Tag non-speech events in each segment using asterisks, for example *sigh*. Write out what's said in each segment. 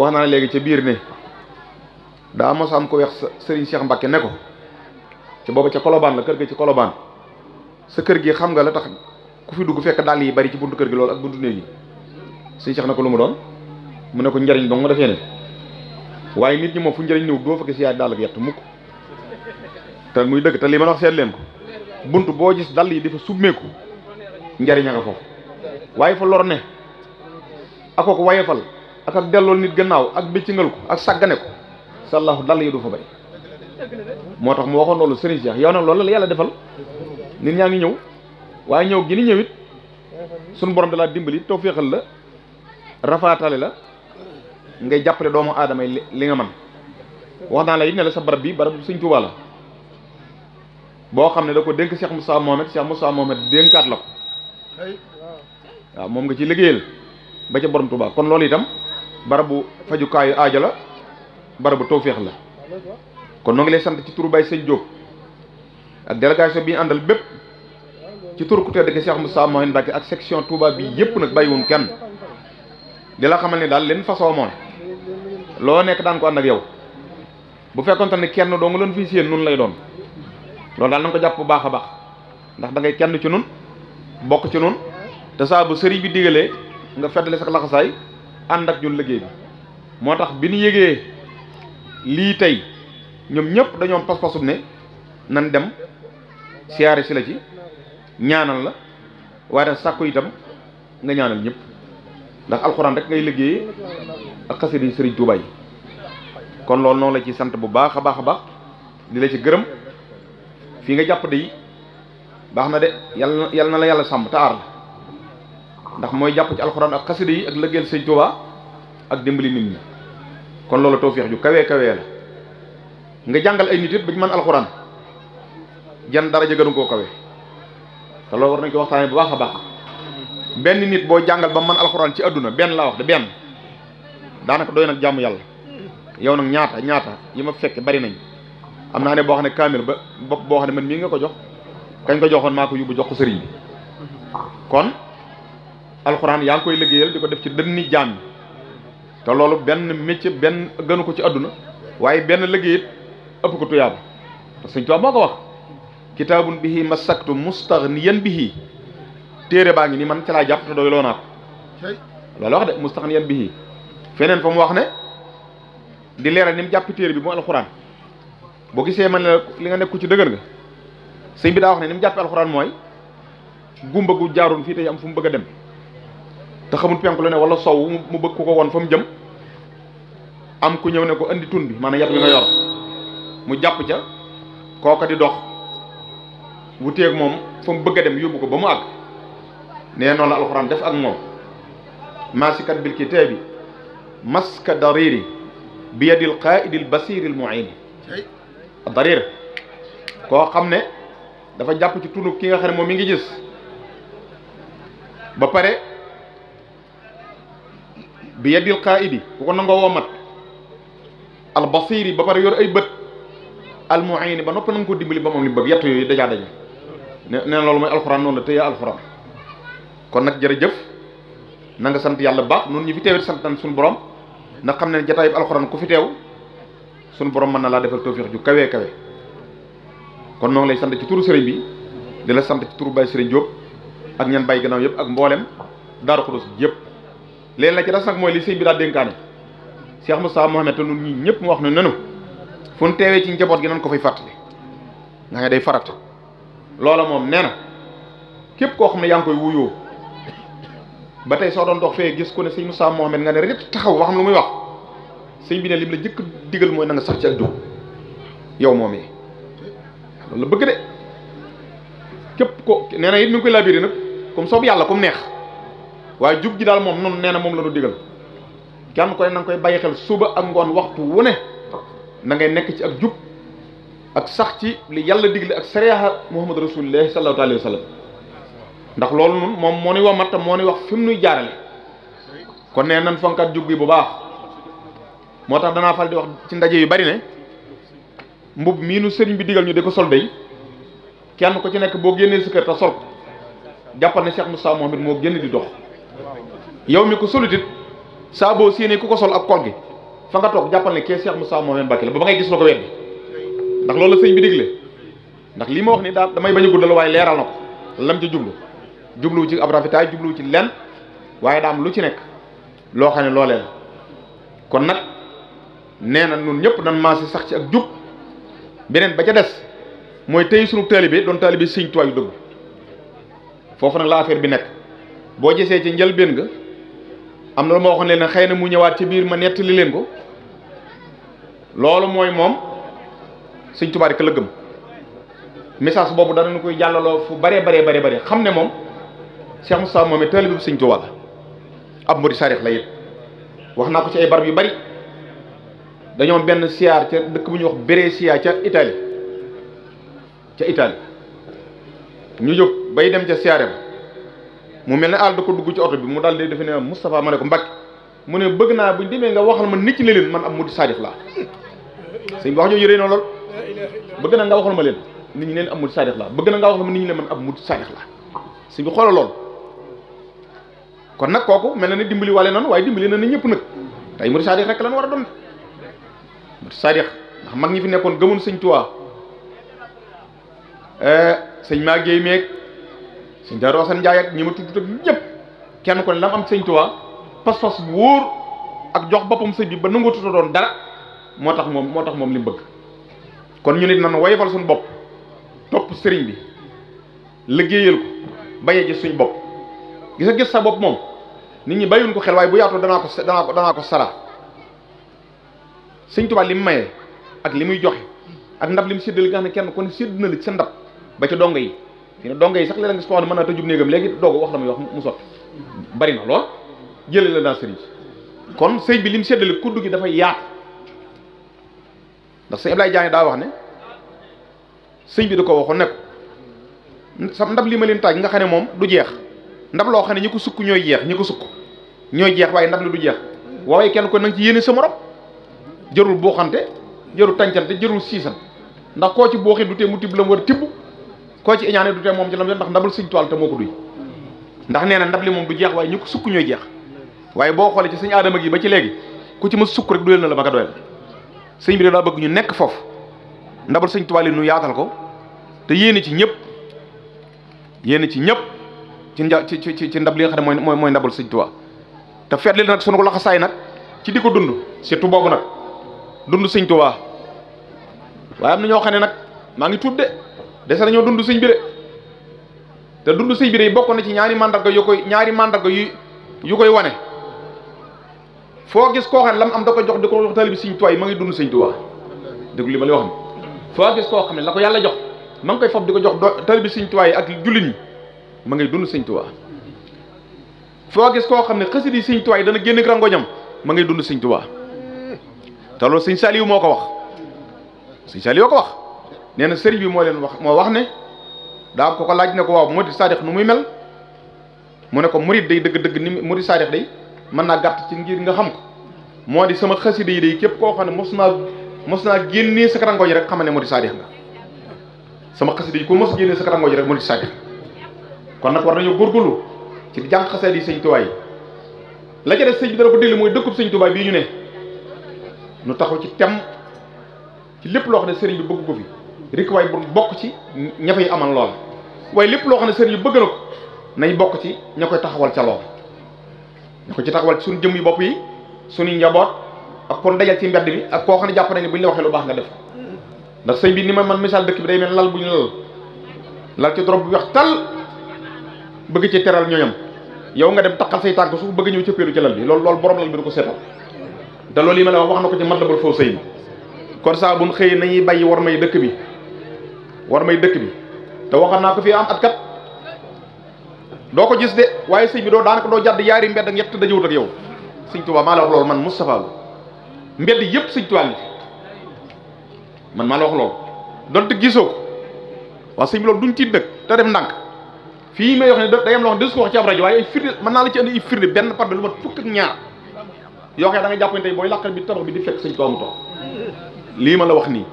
wax naa léegi ca biir ne daa mos am ko weex Serigne Cheikh Mbacke ne ko ci booba ca Colobane la kër gi ci kolobaan sa kër gi xam nga la tax ku fi dugg fekk dàll yi bari ci bunt kër gi loolu ak buntu néeg yi Serigne Cheikh ko lu ma doon mu ne ko njariñ dong nga waaye nit ñi moom fu njëriñ doo fa gis yaay dàll ak yett mukk te muy dëgg te li ma wax seet leen ko bunt boo gis dàll yi dafa submeeku njariñ a nga foofu waaye fa lor ne akoo ko wayefal ak ak delloo nit gannaaw ak bëccëngal ko ak sàggane ko sallaahu dal yi du fa bari moo tax mu waxoon loolu Serigne Cheikh yow na loolu la yàlla defal nit ñaa ngi ñëw waaye ñëw gi ni ñëwit suñu borom dalaa dimbali too féexal la rafaatale la ngay jàppale doomu aadama yi li nga man wax naa la yit ne la sa barab bi barab Sëñ Tuubaa la boo xam ne da ko dénk Cheikh Moussa Mohamed Cheikh Moussa Mohamed dénkaat la ko waaw moom nga ci liggéeyal ba ca borom Tuubaa kon loolu itam barabu fajukaayu aajo la barabu tawféex la kon noo ngi lay sant ci turu Baye Sëñ Diop ak délégation bi àndal bépp ci turu ku tedd mu Cheikh Moussa Mohamed ak section Touba bi yëpp nag bay bàyyiwun kenn di la xamal ni daal leen façon mooy loo nekk daan ko ànd ak yow bu fekkonte ni kenn doo nga leen fii séen nun lay doon loolu daal na nga ko jàpp bu baax a baax ndax dangay kenn ci nun bokk ci nun te saa bu sëriñ bi digalee nga feddale sax laxasaay ànd ak ñun liggéey bi moo tax bi nu yëgee lii tey ñoom ñëpp dañoo am pas-pasub ne nan dem siyaare si la ci ñaanal la waaye nag sàkku itam nga ñaanal ñëpp ndax alxuraan rek ngay liggéey ak xasida yi sëriñ Tuubaa kon loolu noonu la ci sant bu baax a baax a baax di la ci gërëm fii nga jàpp de yi baax na de yàlla na yàlla na la yàlla sàmm taar la ndax mooy jàpp ci alxuraan ak xasida yi ak lëggeel sëñ Tuubaa ak dimbali nit ñi kon loolu tawféex ju kawee kawee la nga jàngal ay nit it bañ mën alxuraan jan dara jëgënu koo kawe te loolu war nañ ko waxtaanee bu wax a baax benn nit boo jàngal ba man alxuraan ci àdduna benn laa wax de benn daanaka doy nag jàmm yàlla yow nag ñaata ñaata yi ma fekk bari nañ am naa ne boo xam ne kaamil ba bopp boo xam ne man mii nga ko jox kañ ko joxoon maa ko yóbbu jox ko sëriñ alxuraan yaa ngi koy liggéeyal di ko def ci dënni jaam yi te loolu benn métier benn gënu ko ci àdduna waaye benn liggéey it ëpp ko tuyaaba te sëñ Tuubaa moo ko wax kitaabun bihi masaktu bi bihi téere baa ngi nii man ca jàpp te doy loo naa ko loolu wax de bi bihi feneen fa mu wax ne di leeral ni mu jàpp téere bi mu alxuraan boo gisee man la li nga nekku ci dëgër nga sëñ bi daa wax ne ni mu jàpp alxuraan mooy gumba gu jaarul fii tey am fu mu bëgg a te xamul penku ne wala sow mu bëgg ko woon fa mu jëm am ku ñëw ne ko andi tun bi maanaam yat bi nga yor mu jàpp ca kooka di dox wuteeg moom fa mu bëgg a dem yóbbu ko ba mu àgg nee noonu la alxuraan def ak moom maasikat bil kitaabi maska dariri bi yadil qaaidil basiril muin darir koo xam ne dafa jàpp ci tunu ki nga xam ne moom mi ngi gis ba pare bi yeddil qaayidi ku ko nangoo womat al basiri ba pare yor ay bët al muayini ba noppi nanga koo dimbali ba mu am li yett yooyu dajaa daje ne nee loolu mooy alxuraan noonu la téye alxuraan kon nag jërëjëf na nga sant yàlla baax noonu ñu fi teewee sant nañ suñu borom na xam ne jataayub alxuraan ku fi teew suñu borom mën na laa defal tawfiix ju kawee kawe kon noonu lay sant ci turu sëriñ bi di sant ci turu Baye Sëriñ Diop ak ñan bàyyi gannaaw yëpp ak mboolem Daaru Xudus yëpp léegi la ci des nag mooy li sëñ bi daal dénkaane Cheikh Moustapha Mohamed te nun ñi ñëpp mu wax ne nenu fu ñu teewee ci njaboot gi nan ko fay fàttali nga ne day farata loola moom nee képp koo xam ne yaa ngi koy wuyoo ba tey soo doon dox fee gis ku ne sëñ Moustapha Mohamed nga ne rek taxaw wax xam lu muy wax sëñ bi ne lim la jëkk digal mooy na nga sax ci ak jóg yow moom yi loolu bëgg de képp ko nee it mu ngi koy labiré nag comme soobu yàlla comme neex waaye jub ji daal moom noonu nee na moom la nu digal kenn koy na nga koy bàyyi xel suba ak ngoon waxtu wu ne na ngay nekk ci ak jub ak sax ci li yàlla digle ak sariyaha muhammad rasulillah sallallahu alayhi wa sallam ndax loolu nun moom moo ni wa matta moo ni wax fi mu nuy jaarale kon nee nan fonkat jub gi bu baax moo tax danaa fal di wax ci ndaje yu bari ne mbub mii nu sëriñ bi digal ñu di ko solde yi kenn ko ci nekk boo génnee si kër te sol ko jàppal ne Cheikh Moussa Mohamed moo génn di dox yow mi ko solutit saaboo boo ku ko sol ak kol gi fa nga toog jàppal ne kee Cheikh Moussa Mouhamed Mbacké la ba ba ngay gis la ko weddi ndax loolu la sëñ bi digle ndax lii ma wax ni daal damay bañ a guddal waaye leeral na ko lam ci jublu jubluwu ci ab rafetaay jubluwu ci lenn waaye daa am lu ci nekk loo xam ne loolee la kon nag nee na nun ñëpp nan maasi sax ci ak jub beneen ba ca des mooy tey sunu taalibe doon taalibe sëñ Tuubaa yu dëgg foofu nag la bi nekk boo gisee ci njëlbeen nga am na lu ma waxoon leen xëy na mu ñëwaat ci biir ma nett li leen ko loolu mooy moom sëñ Tuubaa rek la gëm message boobu danañu koy jàllaloo fu bare bare bare bare xam ne moom Cheikh Moustapha moom it taalibu sëñ Tuubaa la ab murid sarix la it wax naa ko ci ay barab yu bari dañoo benn siyaar ca dëkk bu ñuy wax Brescia ca Italie ca Italie ñu jóg bay dem ca siyaare mu mel ne àll da ko dugg ci oto bi mu daal di defe ne Moustapha ma ne ko Mbacke mu ne bëgg naa buñ demee nga waxal ma nit ñi ne leen man ab murid saadix laa *laughs* sëñ bi wax jooju rëy na lool bëgg na nga waxal ma leen nit ñi leen ab murid saadix bëgg na nga waxal ma nit ñi leen man ab murid saadix laa sëñ bi xoolal kon nag kooku mel na ne dimbali wàlle noonu waaye dimbili na ne ñëpp nag tey murid saadix rek lan war a doon murid saadix ndax mag ñi fi nekkoon gëmoon sëñ Tuubaa eh, sëñ maa géey meeg sëñ Daaru Asan Njaay ak ñi ma tudd ak ñëpp kenn ko ne lam am sëñ Tuubaa pas-pas bu wóor ak jox boppam sëñ bi ba nangoo doon dara moo tax moom moo tax moom li bëgg kon ñu nit nan wayfal suñu bopp topp sëriñ bi liggéeyal ko bañee gis suñ bopp gis a gis sa bopp moom nit ñi bàyyiwuñ ko xel bu yaatoo danaa ko danaa ko danaa ko sara sëñ Tuubaa li mu mayee ak li muy joxe ak ndab li mu séddale nga ne kenn ku ne sédd na la ci sa ndab ba ci dongo yi fi ne dongo yi sax léeg-léeg nga mën naa tëjub néegam léegi doog wax la muy wax mu sotti bari na lool jëlee la dans sëriñ kon sëñ bi lim séddale kudd gi dafay yaatu ndax sëñ lay Diagne daa wax ne sëñ bi da ko waxoon ne ko sa ndab li ma leen taaj nga xam ne moom du jeex ndab loo xam ne ñi ko sukk ñooy jeex ñi ko sukk ñooy jeex waaye ndab li du jeex waaye kenn ko nanga ci yéene sa morom jërul booxante jërul tàncante jërul siisan ndax koo ci booxee du tee mu la mu war koo ci iñaane du tee moom ci lam ndax ndabal suñ tool te moo ko duy ndax nee na ndab li moom du jeex waaye ñu ko sukk ñooy jeex waaye boo xoolee ci suñu aadama gi ba ci léegi ku ci ma sukk rek doyal na la ba nga bi de daa bëgg ñu nekk foofu ndabal sëñ Tuubaa li nu yaatal ko te yéene ci ñëpp yéene ci ñëpp ci nja ci ci ci ndab li nga xam ne mooy mooy ndabal sëñ Tuubaa te feet li nag sunu ko laxasaay nag ci di ko dund surtout boobu nag dund sëñ Tuubaa waaye na ñoo xam ne nag maa ngi tuub de dese nañoo dund sëñ bi te dund sëñ bi yi bokk na ci ñaari mandarga yu koy ñaari mandarga yu yu koy wane foo gis koo xam ne la am da ko jox di ko jox taalibe bi sëñ ma ngi dund sëñ Tuubaa déglu li ma lay wax foo gis koo xam ne la ko yàlla jox ma koy fob di ko jox taalibe bi sëñ ak jullit ma ngay dund sëñ foo gis koo xam ne xasit yi dana génne rangoñam ma ngay dund sëñ Tuubaa te loolu sëñ moo ko wax sëñ Saliou ko wax nee na sëriñ bi moo leen wax moo wax ne daa ko ko laaj ne ko waaw di saadix nu muy mel mu ne ko murid day dëgg-dëgg ni mu murid saadix day mën naa gàtt ci ngir nga xam ko moo di sama xasida yi day képp koo xam ne mos naa mos naa génnee sa karango ji rek xamal ne murid saadix nga sama xasida yi ku mos génnee sa karango ji rek murid saadix kon nag war nañoo góorgóorlu ci jàng xasida yi sëñ Tuubaa yi la ca des sëñ bi dara ko déglu mooy dëkkub sëñ Tuubaa bii ñu ne nu taxaw ci tem ci lépp loo xam ne sëriñ bi bëgg ko fi rek waay bu bokk ci ña fay amal lool waaye lépp loo xam ne sëriñ yu bëgg na ko nañ bokk ci ña koy taxawal ca lool ña ko ci taxawal suñu jëm yu bopp yi suñuy njaboot ak kon dajal ci mbedd bi ak koo xam ne jàpp nañ ne bu ñu la waxee baax nga def ndax sëñ bi ni ma man misaal dëkk bi day mel lal bu ñu lal lal ci dorob bu weex tal bëgg ci teral ñooñam yow nga dem taqal say tànk suuf bëgg ñëw cëppeelu ci lal bi loolu loolu borom lal bi du ko seetal te loolu yi ma wax na ko ci mat la bal foofu sëy kon saa bu xëy nañuy bàyyi war may dëkk bi war may dëkk bi te waxoon naa ko fi am at kat doo ko jis de waaye sëñ bi doo daanaka doo jàdd yaari mbedd ak ñett dajewut ak yow sëñ Tuubaa maa la wax loolu man Moustapha Lo mbedd yëpp sëñ Tuubaa li man maa la wax loolu donte gisoo ko waaw sëñ bi loolu duñ tiit nag te dem ndànk fii may wax ne day am loo xam ne des ko wax ci ab rajo waaye ay firnde mën naa la ci andi ay firnde benn par benn lu ma fukk ak ñaar yoo xam ne da tey booy làqal bi tabax bi di fekk sëñ Tuubaa lii ma la wax nii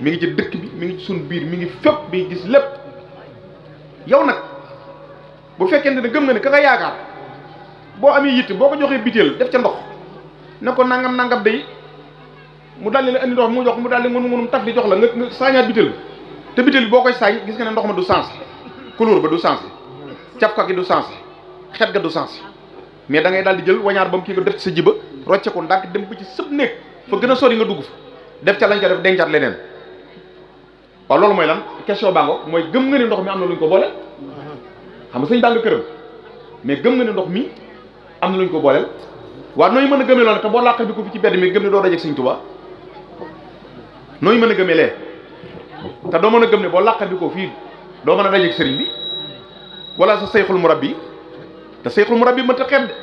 mi ngi ci dëkk bi mu ngi ci suñu biir mu ngi fépp mi ngi gis lépp yow nag bu fekkente ne gëm na ne ka nga yaakaar boo amee yitt boo ko joxee bitéel def ca ndox ne ko nangam nangam day mu daldi la indi ndox mu jox mu daldi mënu mënum taf di jox la nga saañaat bitéel te bitéel boo koy saañ gis nga ne ndox ma du sens couleur ba du sens cafka gi du sens xet ga du sens mais dangay ngay daal di jël wañaar ba mu kii nga def ci sa jiba rocce ko ndànk dem ba ci sëb néeg fa gën a sori nga dugg fa def ca lañ ca def dencaat leneen waaw loolu mooy lan question bango mooy gëm nga ne ndox mi am na lu ñu ko boole xam nga sëñ baa këram mais gëm nga ne ndox mi am na lu ñu ko booleel waaw nooy mën a gëme loolu te boo làqal bi ci bedd mi gëm ne doo dajeeg sëñ Tuubaa nooy mën a gëmee lee te doo mën a gëm ne boo làqal bi ko fii doo mën a dajeeg sëriñ bi wala sa sayxul bi te sayxul murabbi mën ta xeeb de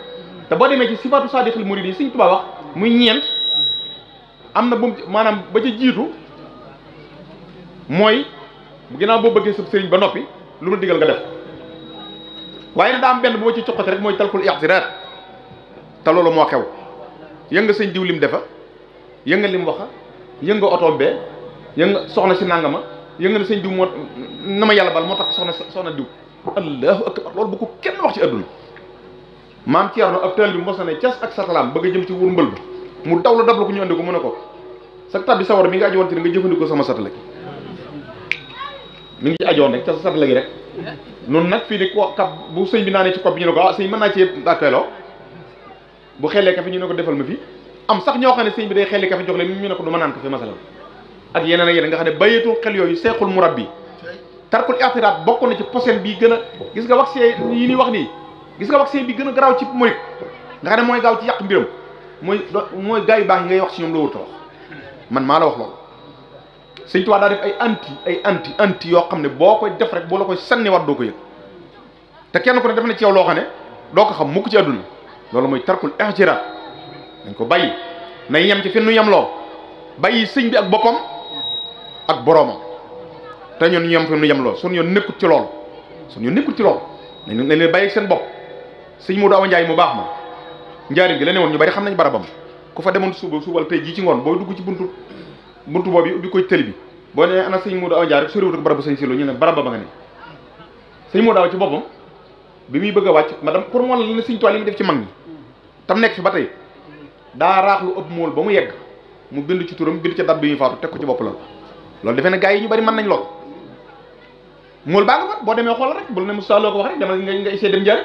te boo demee ci sifaatu saadiqil muriid yi sëñ Tuubaa wax muy ñeent am na bu maanaam ba ca jiitu mooy ginaaw boo bëggee sub sëriñ ba noppi lu mu digal nga def waaye nag am benn bu ma ci coqati rek mooy talkul ixtiraat te loolu moo xew yënga sëñ diw lim defa yënga lim waxa yënga otoom bee yënga soxna si nangama yënga ne sëñ diw moo na ma yàlla bal moo tax soxna soxna diw allahu akbar loolu bu ko kenn wax ci àdduna maam Thierno ab taal bi mos na ne cas ak satalaam bëgg a jëm ci wur mbël ba mu daw la dab la ko ñu andi ko mu ne ko sa tab bi sawar mi nga aju jëfandikoo sama satala mi ngi ci ajoon rek ca sa satala gi rek noonu nag fii ni ko kab bu sëñ bi naa naanee ci kob bi ñu ne ko ah sëñ mën naa cee dàkkeeloo bu xellee kafe ñu ne ko defal ma fi am sax ñoo xam ne sëñ bi day xelli kafe jox leen ñu ne ko du ma naan ko fi masala ak yeneen ak yeneen nga xam ne bayeetu xel yooyu seexul murabbi tarkul i'tiraad bokk na ci posen bi gën a gis nga wax see yi ni wax nii gis nga wax see bi gën a garaaw ci murit nga xam ne mooy gaaw ci yàq mbiram mooy mooy gars yu baax ngay wax si ñoom la wut man maa la wax loolu sëñ Tuubaa daa def ay anti ay anti anti yoo xam ne boo koy def rek boo la koy sànniwaat doo ko yëg te kenn ku ne def na ci yow loo xam ne doo ko xam mukk ci àdduna loolu mooy tarkul ihtirat dañ ko bàyyi nay yem ci fi nu yem loo bàyyi sëñ bi ak boppam ak boroomam te ñun ñu yem fi nu yem loo suñu yoon nekkut ci lool suñu yoon nekkut ci loolu nañ nañ leen bàyyi seen bopp siñ Modou Awa Ndiaye mu baax ma njaariñ gi la woon ñu bari xam nañ barabam ku fa demoon suba subal tey jii ci ngoon booy dugg ci buntu buntu boobu ubbi koy tëli bi boo nee ana sëñ Modou Awa Ndiaye rek soriwut ko barabu sëñ Silo ñu ne barab ba ba nga ne sëñ Modou Awa ci boppam bi muy bëgg a wàcc ma madame pour mu la sëñ tool yi mu ci mag ñi tam nekk fi ba tey daa raax lu ëpp mool ba mu yegg mu bind ci turam bind ca dab bi muy faatu teg ko ci bopp la loolu defe na gars yi ñu bari mën nañ lool mool baa nga fa boo demee xool rek bul ne Moussa loo ko wax rek demal nga nga essayé dem jaare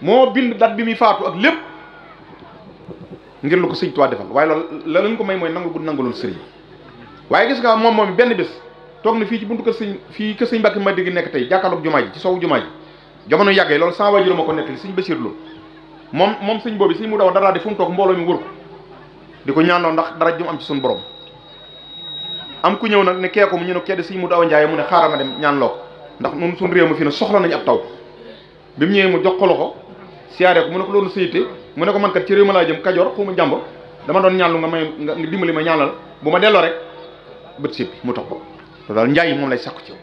moo bind date bi muy faatu ak lépp ngir lu ko sëñ Tuubaa waaye loolu la lañ ko may mooy nangu gu nangaloon waaye gis nga moom moom benn bés toog na fii ci buntu kër sëñ fii kër sëñ Mbàkke ma dégg nekk tey jàkkaarloog jumaa ji ci sowu jumaa ji jamono yàggee loolu sans waajur ma ko nekk li sëñ Basiir Lo moom moom sëñ boobu sëñ mu daw dara di fu mu toog mbooloo mi di ko ñaanoo ndax dara jum am ci suñu borom am ku ñëw nag ne keeku mu ñu ne kee di daw Njaay mu ne xaaral ma dem ñaan loo ko ndax nun suñu réew mi fii soxla nañu ab taw bi mu mu jox ko loxo siyaare ko mu ne ko loolu sayite mu ne ko man kat ci réew ma laa jëm Kajoor xuma jàmb dama doon ñaan lu nga may nga dimbali ma ñaanal bu ma delloo rek bët si mu tax topp loolu daal njaay moom lay sàkku ci yow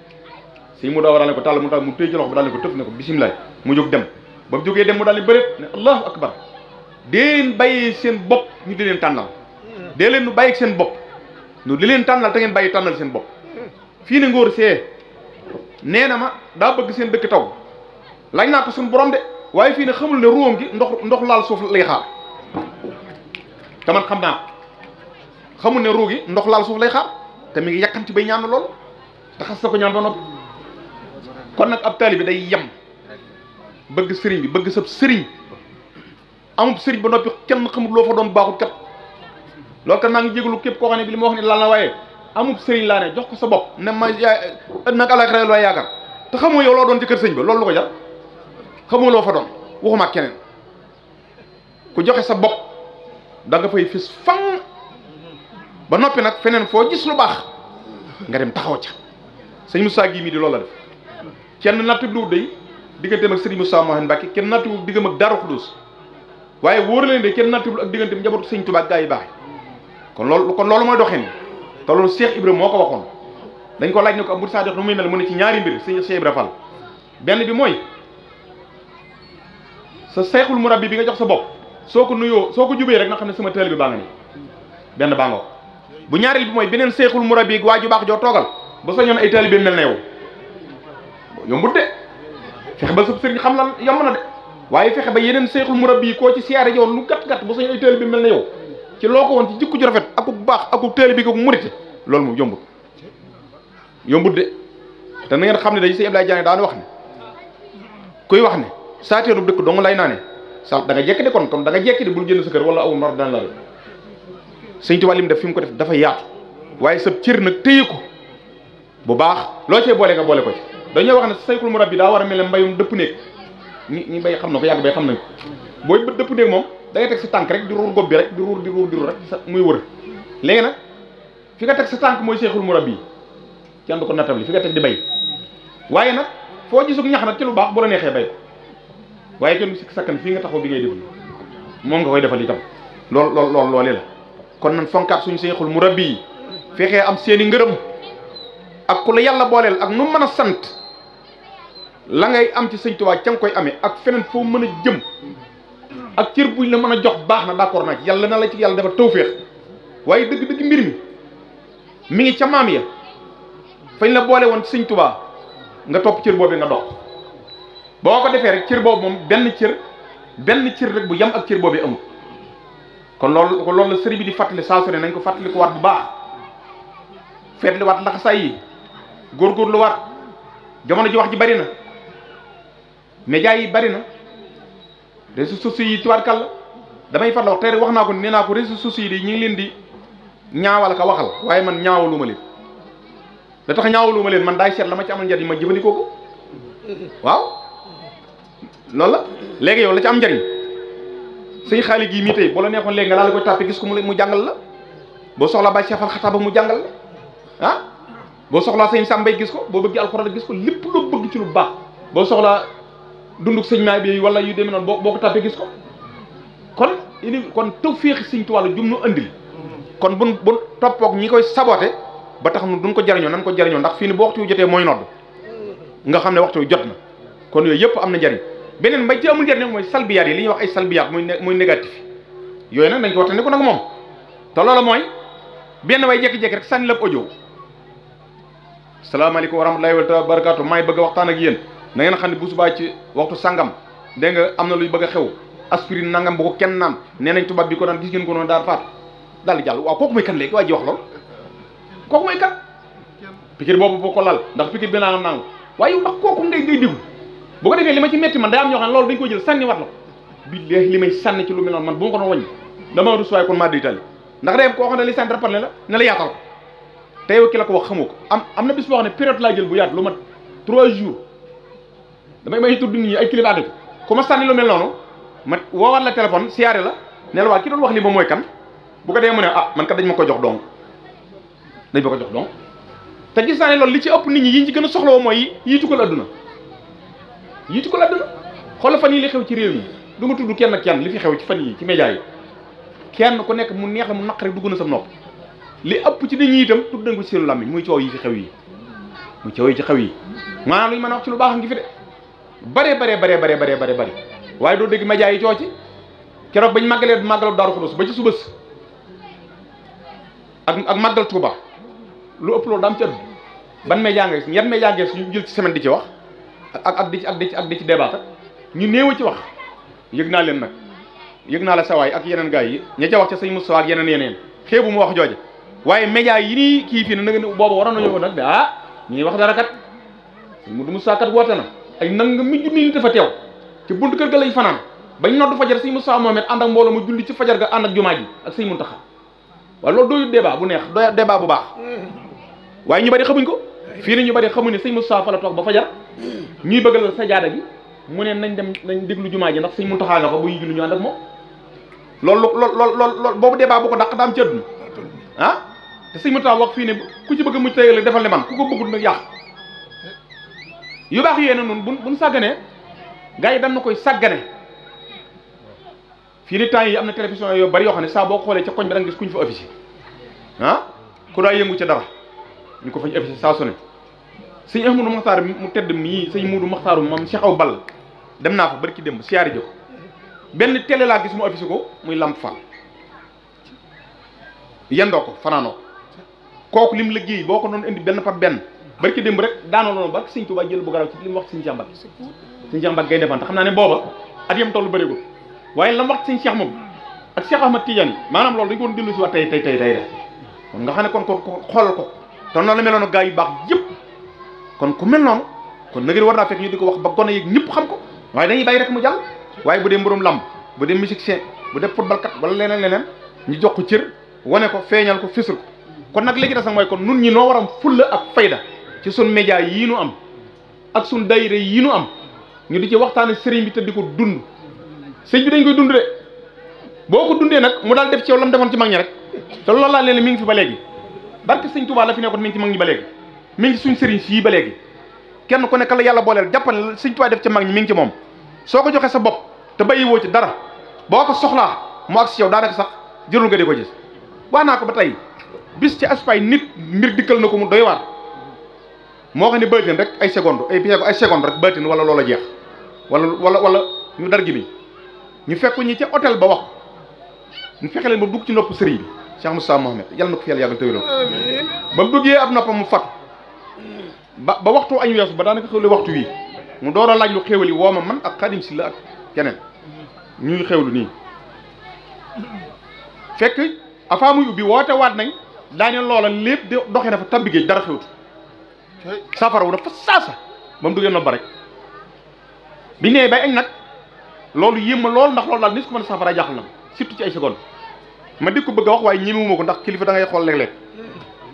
sëñ mu daaw daal ne ko tàll mu daal mu téye ci loxo bi daal ne ko tëf ne ko bisimilah mu jóg dem ba mu jógee dem mu daal di bëreet ne allahu akbar dee leen bàyyi seen bopp ñu di leen tànnal dee leen nu bàyyi seen bopp nu di leen tànnal te ngeen bàyyi tànnal seen bopp fii ne ngóor see nee na ma daa bëgg seen dëkk taw laaj naa ko suñu borom de waaye fii ne xamul ne ruwam gi ndox ndox laal suuf lay xaar te man xam naa xamul gi ndox laal suuf lay xaar te mi ngi yàkkamti bay ñaanu lool te xas na ko ñaan ba noppi kon nag ab bi day yem bëgg sëriñ bi bëgg sab sëriñ amub sëriñ ba noppi kenn xamul loo fa doon baaxut kat loolu kat maa képp koo xam ne bi li ma wax ni laal na waaye sëriñ laa jox ko sa bopp ne ma yaa nag àlla xarel waaye yaakaar te xamoo doon ci kër sëriñ ba loolu lu ko jar xamoo loo fa doon waxuma ak keneen ku joxe sa bopp da fay fis fan ba noppi nag feneen foo gis lu baax nga dem taxaw ca sëñ Moussa gii mii di loola def kenn natt bi lu day digganteem ak sëriñ Moussa Mouhamed Mbacké kenn natt bu diggam ak Darou Khoudoss waaye wóor de kenn natt bu ak digganteem njabootu sëñ Touba gaa yi baax kon loolu kon loolu mooy doxin te loolu Cheikh Ibrahima moo ko waxoon dañ ko laaj ne ko am bu saa jox nu muy mel mu ne ci ñaari mbir sëñ Cheikh Ibrahima Fall benn bi mooy sa seexul murabbi bi nga jox sa bopp soo ko nuyoo soo ko jubee rek nga xam ne sama taalibe bi baa benn baa bu ñaareel bi mooy beneen seexul murabbi waa ju baax joo toogal ba sañoon ay taalibe mel na yow yombut de fexe ba sëb sëriñ xam lan yomb na de waaye fexe ba yeneen seexul murabbi koo ci siyaare yow lu gàtt gàtt ba sañoon ay taalibe mel na yow ci loo ko woon ci jikko ju rafet ak bu baax ak bu taalibe ko murite loolu moom yombut yombut de te na ngeen xam ne dañu si Ablaye Diané daan wax ne kuy wax ne saateeru dëkk dong lay naane sa da nga jekki de kon kon da nga de bul jënd sa kër wala awum nar daan la sëñ Tuubaa lim def fi mu ko def dafa yaatu waaye sab cër nag téye ko bu baax loo cee boole nga boole ko dañoo wax ne say mu rab bi daa war a mel ne mbayum dëpp néeg ñi ñi bay xam na ko yàgg bay xam na ko booy dëpp néeg moom da teg sa tànk rek di ruur gob bi rek di ruur di ruur rek sa muy wër léegi nag fi nga teg sa tànk mooy seexul murab bi kenn du ko nattab li fi nga teg di bay waaye nag foo gisug ñax nag ci lu baax bu neexee bay ko waaye kenn du sikk sakkan fii nga taxaw bi ngay def moom nga koy defal itam lool lool lool loolee la kon nan fonkaat suñu seexul murabbi yi fexee am seeni ngërëm ak ku la yàlla booleel ak nu mën a sant la ngay am ci sëñtuwaa Tuubaa koy amee ak feneen foo mën a jëm ak cër buñ la mën a jox baax na d'accord nag yàlla na la ci yàlla dafa tawféex waaye dëgg-dëgg mbir mi mi ngi ca maam ya fañ la boole woon sëñ Tuubaa nga topp cër boobu nga dox boo ko defee rek cër boobu moom benn cër benn cër rek bu yam ak cër boobu amul kon loolu kon loolu la sëriñ bi di fàttali saa su ne nañ ko fàttali ko waat bu baax feetli waat say yi lu waat jamono ji wax ji bari na médias yi bari na réseaux sociaux yi tubaarkàlla damay fàttali wax tey wax naa ko nee naa ko réseaux sociaux yi ñu ngi leen di ñaawal ka waxal waaye man ñaawaluma leen da tax ñaawaluma leen man daay seet la ma ci amal njariñ ma jëfandikoo ko waaw loolu la léegi yow la ci am njariñ sëñ xaali gii mii tey boo la neexoon léegi nga laa la koy tàppe gis ko mu jàngal la boo soxlaa bàyyi seexal xataa ba mu jàngal la ah boo soxlaa sëñ sàmbay gis ko boo bëgg alxuraan gis ko lépp loo bëgg ci lu baax boo soxlaa dunduk sëñ maay bi wala yu demee noonu boo boo ko tàppe gis ko kon ini kon tawféexi sëñ Tuubaa jum nu andil kon bun bun toppoog ñi koy saboté ba tax nu duñ ko jariñoo nan ko jariñoo ndax fii ni boo waxtu jotee mooy nodd nga xam ne wi jot na kon yooyu yëpp am na njariñ beneen mbay ci amul njëriñ mooy salbiyaat yi li ñuy wax ay salbiyaat muy muy négatif yooyu nag dañ ko waxtaanee ko nag moom te loolu mooy benn way jékki-jékki rek sànni la ab audio salaamaaleykum wa rahmatulahi bëgg a waxtaan ak yéen na ngeen xam ne bu subaa ci waxtu sàngam dégg nga am na luy bëgg a xew aspirine nangam bu kenn naan nee nañ tubaab bi ko naan gis ngeen ko noonu daal faatu daal di jàll waaw kooku mooy kan léegi waa ji wax loolu kooku mooy kan. pikir boobu boo ko lal ndax pikir bi naa nangu waaye ndax kooku ngay ngay bu ko defee li ma ci metti man day am ñoo xam ne loolu dañ koy jël sànni wat la ko billaahi li may sànni ci lu mel man bu ma ko doon wàññi dama rus waaye kon maa day tali ndax day am koo xam ne li sànni ko te yow ki la ko wax xamoo ko am am na bis boo xam ne période laa jël bu yaatu lu mat trois jours damay may tudd nit ñi ay kilifa àdduna ku ma sànni lu mel noonu ma woowaat la téléphone siyaare la ne la waa ki doon wax li ba mooy kan bu ko dee mu ne ah man kat dañ ma ko jox donc dañ ma ko jox donc te gis naa ne li ci ëpp nit ñi yi ñu ci gën a soxlawoo mooy yi tukkal adduna yitti ko la àdduna fan yi li xew ci réew yi du tudd kenn ak kenn li fi xew ci fan yi ci média yi kenn ku nekk mu neex la mu naqari dugg na sa nopp li ëpp ci nit ñi itam tudd nañ ko ci seenu làmmiñ muy coow yi fi xew yi mu coow yi ci xew yi maanaam lu ñu mën a wax ci lu baax a ngi fi de bare bare bare bare bare bare waaye doo dégg média yi coow ci keroog bañ màggalee màggalu Daaru Xudoos ba ci subas ak ak màggal Tuuba lu ëpp loolu daam ci ëpp ban média nga yan média ñu jël ci semaine di ci wax ak ak di ci ak di ci ak di ci débat ñu néew ci wax yëg naa leen nag yëg naa la sawaay ak yeneen gaay yi ña ca wax ca sëñ Moustapha ak yeneen yeneen xeebu mu wax jooje waaye média yi nii kii fii ne na nga boobu waroon nañoo ko nag de ah ngi wax dara kat sëñ Modou Moustapha kat woote na ay nangam mi dafa teew te buntu kër ga lañ fanaan bañ noddu fajar sëñ Moustapha Mohamed ànd ak mbooloo mu julli ci fajar ga ànd ak jumaa ji ak sëñ Mountakha waaye loolu doyul débat bu neex doy débat bu baax mm-hmm. waaye ñu bari xamuñ ko fii ne ñu bari xamuñ ne sëñ Moustapha fa la toog ba fajar ñuy bëgg la sajaada gi mu ne nañ dem nañ déglu jumaa ji ndax sëñ Muntaxa nga fa bu ñuy julli ñu ànd ak moom loolu lool lool lool boobu débat bu ko dàq daam ci àdduna ah te sëñ Muntaxa wax fii ne ku ci bëgg mu tey la defal li man ku ko bëggul nag yàq yu baax yooyu ne noonu bu buñ sàgganee gars yi na koy sàggane fii ni temps yi am na télévision yoo bari yoo xam ne saa boo xoolee ci koñ bi da nga gis kuñ fa office ah ku daa yëngu ci dara ñu ko fañ office saa sëñ Ahmadou Maxtaar mu tedd mii sëñ Muudu Maxtaaru moom Cheikh Aw Ball dem naa fa bari ki démb siyaari jox benn télé laa gis mu affiché ko muy Lamp fa yendoo ko fanaanoo kooku lim liggéey boo ko doon indi benn par benn bari ki démb rek daanoo loolu barke sëñ Tuubaa jël bu garaw ci li wax sëñ Cheikh Mbacke sëñ Cheikh Mbacke gay defante xam naa ne booba at yam tollu ko waaye la mu wax sëñ Cheikh moom ak Cheikh Ahmad Tidiane maanaam loolu dañ ko doon dellu si tey tey tey tey de kon kon ko xoolal ko te noonu la meloon gaa yu baax yëpp kon ku mel noonu kon nag war naa fekk ñu di ko wax ba gone yeeg ñëpp xam ko waaye dañuy bay rek mu jàll waaye bu dee mbirum lamb bu dee musicien bu dee footballkat wala leneen leneen ñu jox ko cër wane ko feeñal ko fisur kon nag léegi sax mooy kon nun ñi noo war am fulla ak fayda ci sun média yii nu am ak sun dayre yii nu am ñu di ci waxtaane sëriñ bi te di ko dund sëñ bi dañ koy dund de boo ko dundee nag mu daal def ci yow lam defoon ci mag rek te loolu laa leen mi ngi fi ba léegi barke sëñ Tuubaa la fi nekkoon mi ngi ci mag ñi ba léegi mi suñ sëriñ fii ba léegi kenn ku nekk la yàlla booleel jàppal suñ tuwaay def ca mag ñi mi ngi ci moom soo ko joxee sa bopp te bàyyiwoo ci dara boo ko soxlaa mu ak si yow daanaka sax jërul nga di ko gis wax naa ko ba tey bis ci Espagne nit mbir dikkal na ko mu doy waar moo xam ne bëtin rek ay seconde ay ay seconde rek bëtin wala loola jeex wala wala wala ñu dar gi ñu fekku ñi ca hôtel ba wax ñu fexe leen ba dugg ci noppu sëriñ bi Cheikh Moussa Mohamed yàlla na ko fi yàlla yàggal mu duggee ba ba waxtu añ weesu ba daanaka xewle waxtu wii mu door a laaj lu xéwal yi woo ma man ak xadim si la ak keneen ñuy xewlu nii fekk afaa muy ubbi woote waat nañ daañu loola lépp di doxee na fa tabbi géej dara xewtu safara wu na fa saasa ba mu duggee noonu ba rek biñ nee bay añ nag loolu yéem ma lool ndax lool daal ni su mën a safara jaaxal na ma ci ay seconde ma di ko bëgg a wax waaye ñemewuma ko ndax kilifa dangay xool léeg-léeg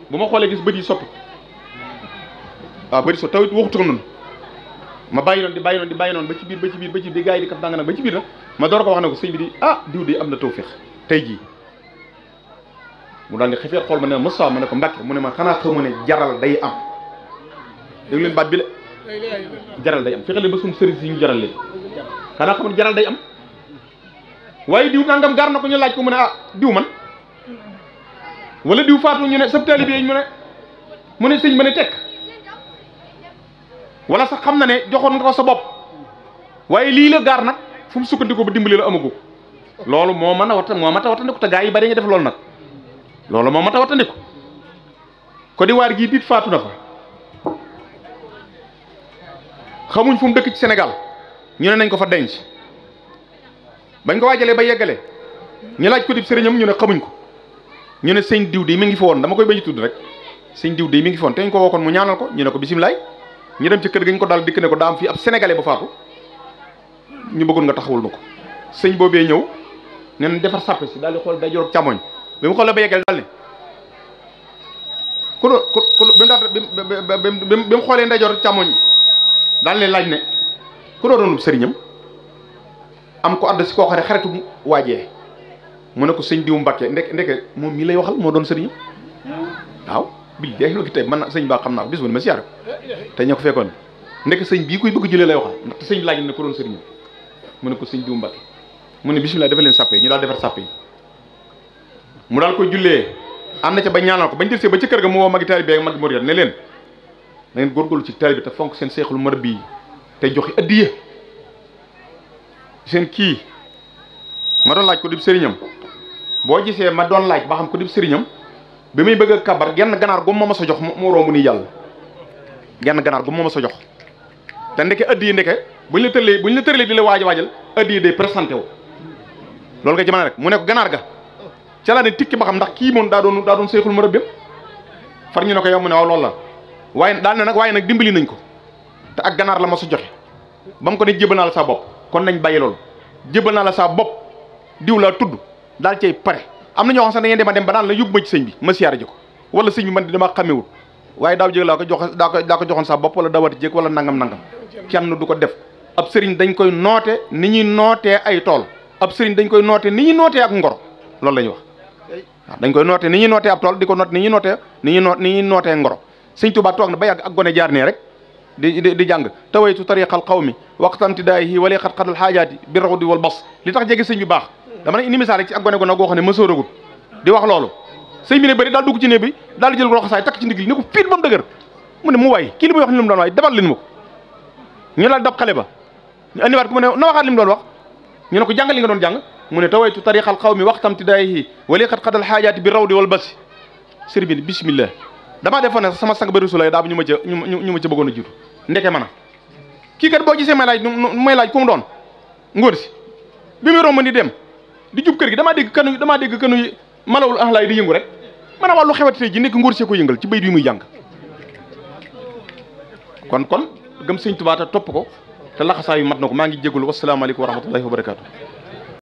bu ma xoolee gis bët yi soppi waaw bëri so tawit waxutu ko noonu ma bàyyi noonu di bàyyi noonu di bàyyi noonu ba ci biir ba ci biir ba ci biir gars yi di kaf danga nag ba ci biir nag ma door ko wax ne ko sëñ bi di ah diw di am na tawféex tey jii mu daal di xefeet ma ne Moussa ma ne ko Mbàkke mu ne ma xanaa xamu ne jaral day am dégg leen baat bi la jaral day am fexe leen ba suñu service yi ñu jaral leen xanaa xamu ne jaral day am waaye diw nangam gaar na ko ñu laaj ko mu ne ah diw man wala diw faatu ñu ne sab bi yi ñu ne mu ne sëñ ma ne teg wala sax xam na ne joxoon nga ko sa bopp waaye lii la gaar nag fu mu sukkandiku ba dimbali la amagu loolu moo mën a wat moo mat a wattandiku te gaa yi bari ñu def loolu nag loolu moo mat a wattandiku Côte d'Ivoire gii diit faatu na fa xamuñ fu mu dëkk ci Sénégal ñu ne nañ ko fa denc bañ ko waajalee ba yeggale ñu laaj ko dib sëriñam ñu ne xamuñ ko ñu ne sëñ diw di mi ngi fa woon dama koy bañ tudd rek sëñ diw di mu ngi fa woon te ñu ko woo kon mu ko ñu ne ko bisimilaay ñu dem ci kër gi ñu ko daal dikk ne ko daa am fii ab sénégalais ba faatu ñu bëggoon nga taxawul na ko sëñ boobee ñëw ne defar sàppe si daal di xool dajoor jorob càmmoñ bi mu xoolee ba yeggale daal ne ku doon ku xoolee ndeyjoor càmmoñ daal leen laaj ne ku sëriñam am ko àdd si koo xam ne xaritu waajee mu ne ko sëñ diwu Mbàkke ndek ndeke moom mii lay waxal moo doon sëriñam waaw billahi lu ki tey man sëñ baa xam naa ko bis bu ne ma siyaar te ñoo ko fekkoon nekk sëñ bii kuy bëgg jullee lay waxal ndaxte sëñ laaj ne ko doon sëriñ mu ne ko sëñ diw Mbàkke mu ne bismillah defal leen sàppe ñu daal defar sàppe mu daal ko jullee am na ca ba ñaanal ko bañ jël see ba ci kër gi mu mag magi taalibe ak magi murid ne leen na ngeen góorgóorlu ci taalibe te fonk seen seexul murabbi yi te joxe addiya seen kii ma doon laaj ko dib sëriñam boo gisee ma doon laaj ba xam ko d sëriñam bi muy bëgg a kabar genn ganaar gu ma mos a jox mu romb nii yàlla genn ganaar gu ma mos a jox te ndeke ëdd yi ndeke buñ la bu ñu la tëlee di la waaj waajal ëdd yi day présenté wu loolu nga ci rek mu nekk ganaar ga ca laa ne tikki ba xam ndax kii moom daa doon daa doon seexul ma rëbbim far ñu ne ko yow mu ne waaw lool la waaye daal ne nag waaye nag dimbali nañ ko te ak ganaar la ma su joxe ba mu ko ne jébal naa la sa bopp kon nañ bàyyi loolu jébal naa la sa bopp diw laa tudd daal cay pare am na ñoo xam sax da ngeen dema dem ba naan la yóbbu ma ci sëñ bi ma siyaar ji ko wala sëñ bi man dama xamewul waaye daaw jéeg laa ko jox daa ko daa ko joxoon sa bopp wala dawati jéeg wala nangam nangam kenn du ko def ab sëriñ dañ koy noote ni ñuy nootee ay tool ab sëriñ dañ koy noote ni ñuy nootee ak ngoro loolu la ñuy wax dañ koy noote ni ñuy nootee ab tool di ko noot ni ñuy nootee ni ñuy noo ni ñuy nootee ngoro sëñ tu toog na ba yàgg ak gone jaar nee rek di di jàng te way tawaytu tariqal xaw mi waqtamti daayihi wali xat xatal xaajaati bi raxudi wal bas li tax jege sëñ bi baax dama ne indi misaal rek ci ak gone gone goo xam ne mësooragut di wax loolu sëñ bi ne bëri daal dugg ci néeg bi daal di jël roxasaay takk ci ndigg li ne ko fiit ba mu dëgër mu ne mu waay kii li muy wax ni lu mu doon waay defal leen ma ko ñu laal dab ñu andiwaat ko mu ne na waxaat li mu doon wax ñu ne ko jàngal li nga doon jàng mu ne tawaytu tariqal qawmi waxtamti dayhi wali xat xatal xaajaati bi rawdi wal basi sëriñ bi bismillah damaa defoon ne sama sang bëri su lay daa bu ñu ma ca ñu ma ca bëggoon a jiitu ndeke mana kii kat boo gisee may laaj may laaj ku mu doon ngóor si bi muy romb ni dem di jub kër gi dama dégg kanu damaa dégg kanu malawul ahlaay di yëngu rek maanaam wàllu xewati tey ji nekk ngóor see ko yëngal ci bayit bi muy jàng kon kon gëm sëñ Tuubaa topp ko te laxasaa yu mat na ko maa ngi jégalu wasalaamaaleykum wa rahmatullahi wa barakaatu